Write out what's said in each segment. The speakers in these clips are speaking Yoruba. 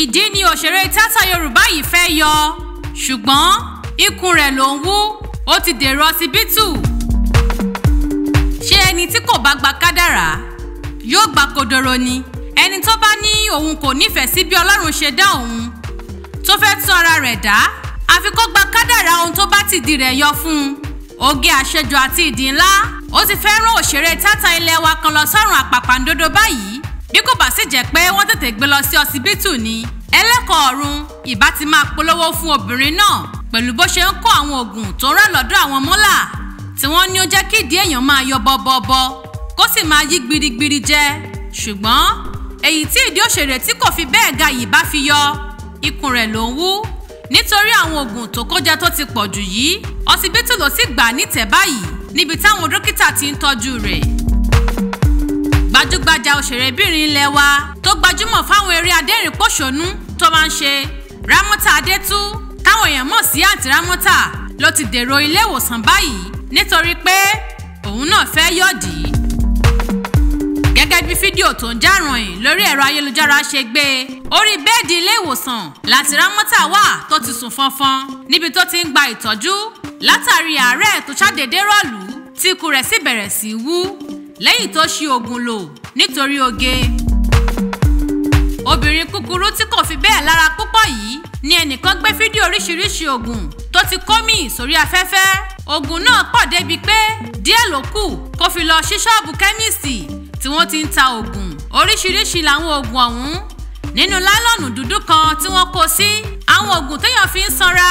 ìdí ni òṣèré tata yorùbá yìí fẹ́ yọ ṣùgbọ́n ikùn rẹ̀ ló ń wú ó ti dèrò ọsibítù ṣé ẹni tí kò bá gba kádàrá yóò gba kodoro ni ẹni tó bá ní òun kò nífẹ̀ẹ́ sí bí ọlọ́run ṣe dá òun tó fẹ́ tún ara rẹ̀ dá àfi kó gba kádàrá ohun tó bá tìdí rẹ̀ yọ fún un oge àṣejù àti ìdí ńlá ó ti fẹ́ òṣèré tata ilé wa kan lọ sọ́run àpàpàǹdodo báyìí bí kò bá sì jẹ́ pé wọ́n tètè gbé lọ sí ọsibítù ni ẹlẹ́kọ̀ọ́ ọ̀run ìbá ti máa polówó fún obìnrin náà pẹ̀lú bó ṣe ń kó àwọn oògùn tó ń rà lọ́dọ̀ àwọn mọ́là tí wọ́n ní ó jẹ́ kí ìdí èèyàn máa yọ bọ́bọ́bọ́ kó sì máa yí gbirigbiri jẹ ṣùgbọ́n èyí tí ìdí òṣèré tí kò fi bẹ́ẹ̀ ga yìí bá fi yọ ikùn rẹ̀ ló ń wú nítorí àwọn oògùn tó kó jẹ tó ti pọ̀ jù yìí ọsibítù ló sì gbà nítẹ̀ báyìí níbi táwọn dókítà ti ń tọ́jú rẹ̀ gbajúgbajà òṣèrébìnrin ilé wa tó gbajúmọ̀ fáwọn eré adẹ́rìn-pọ̀ṣọ́nú tó máa ń ṣe ramota Adétú táwọn èèyàn mọ̀ sí àǹtí Rámọ́tà ló ti dèrò ilé ìwòsàn báyìí nítorí pé òun náà fẹ́ yọ̀dí. gẹ́gẹ́ bí fídíò tó ń já ròyìn lórí ẹ̀rọ ayélujára ṣe gbé e, orí bẹ́ẹ̀dì ilé ìwòsàn làǹtí Rámọ́tà wà tó ti sùn fọ́nfọ́n níbi tó ti ń gba ìtọ́jú látàrí àárẹ̀ tó ṣàdédé rọ̀lú tí rẹ̀ sì bẹ̀rẹ̀ sí wú lẹ́yìn tó ṣi oògùn lò nítorí oge obìnrin kúkúrú tí kò fi bẹ́ẹ̀ lára púpọ̀ yìí ni ẹnìkan gbé fídíò oríṣiríṣi oògùn tó ti kómì sórí afẹ́fẹ́ oògùn náà pọ̀ débi pé díẹ̀ ló kù kó fi lọ sí ṣọ́ọ̀bù kẹ́míìsì tí wọ́n ti ń ta oògùn oríṣiríṣi làwọn oògùn ọ̀hún nínú lálọ́ọ̀nù dúdú kan tí wọ́n kó sí àwọn oògùn téèyàn fi ń sanra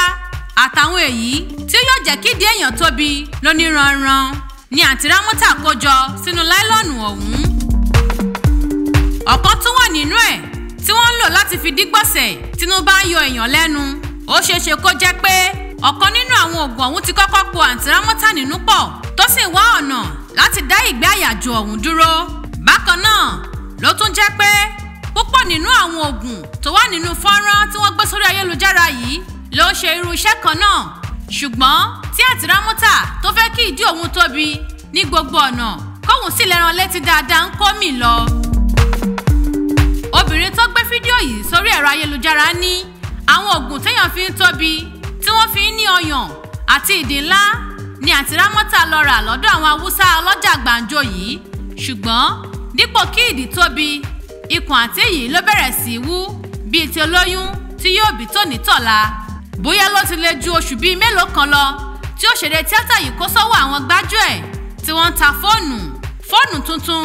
àtàwọn èyí tí yóò jẹ́ kídìí èèyàn tóbi lóníranran ni àǹtí Rámọ́tà kó jọ sínú láìlọ́ọ̀nù ọ̀hún ọ̀kan tún wà nínú ẹ̀ nílò láti fi dígbọ̀sẹ̀ Tinubu á yọ èèyàn lẹ́nu ó ṣeéṣe kó jẹ́ pé ọ̀kan nínú àwọn oògùn ọ̀hún ti kọ́kọ́ po àǹtírámọ́tà nínú pọ̀ tó sì wá ọ̀nà láti dá ìgbé àyàjò ọ̀hún dúró bákan náà ló tún jẹ́ pé púpọ̀ nínú àwọn oògùn tó wà nínú fọ́nrán tí wọ́n gbé sórí ayélujára yìí ló ń ṣe irú iṣẹ́ kan náà ṣùgbọ́n tí àtìrámọ́tà tó fẹ́ kí ìdí òun tóbi ní gbogbo ọ̀nà kóhun sì lẹ́ran létí dáadáa ń kó mì lọ fídíò yìí sórí ẹ̀rọ ayélujára ní àwọn oògùn téèyàn fi ń tóbi tí wọ́n fi ń ní ọyàn àti ìdí ńlá ni àǹtí Rámọ́tà lọ rà lọ́dọ̀ àwọn haúsá ọlọ́jà gbàǹjo yìí ṣùgbọ́n dípò kí ìdí tóbi ikùn àǹtí yìí ló bẹ̀rẹ̀ sí í wú bíi ti olóyún tí yóò bí tòní tọ̀la bóyá ló ti lè ju oṣù bíi mélòó kan lọ tí òṣèré tíátà yìí kó sọ́wọ́ àwọn gbájú ẹ̀ tí wọ́n ń ta fóònù fóònù tuntun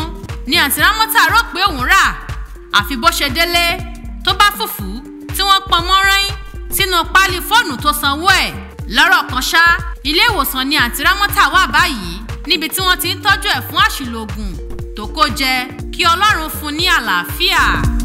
ni àǹtí Rámọ́tà rò pé òun rà àfi bó ṣe délé tó bá fùfú tí wọ́n pọn mọ́rán sínú páálí fóònù tó sanwó ẹ̀ lọ́rọ̀ kan ṣá ilé ìwòsàn ni àǹtí rámọ́tà wà báyìí níbi tí wọ́n ti ń tọ́jú ẹ̀ fún àṣìlò oògùn tó kó jẹ kí ọlọ́run fún ní àlàáfíà.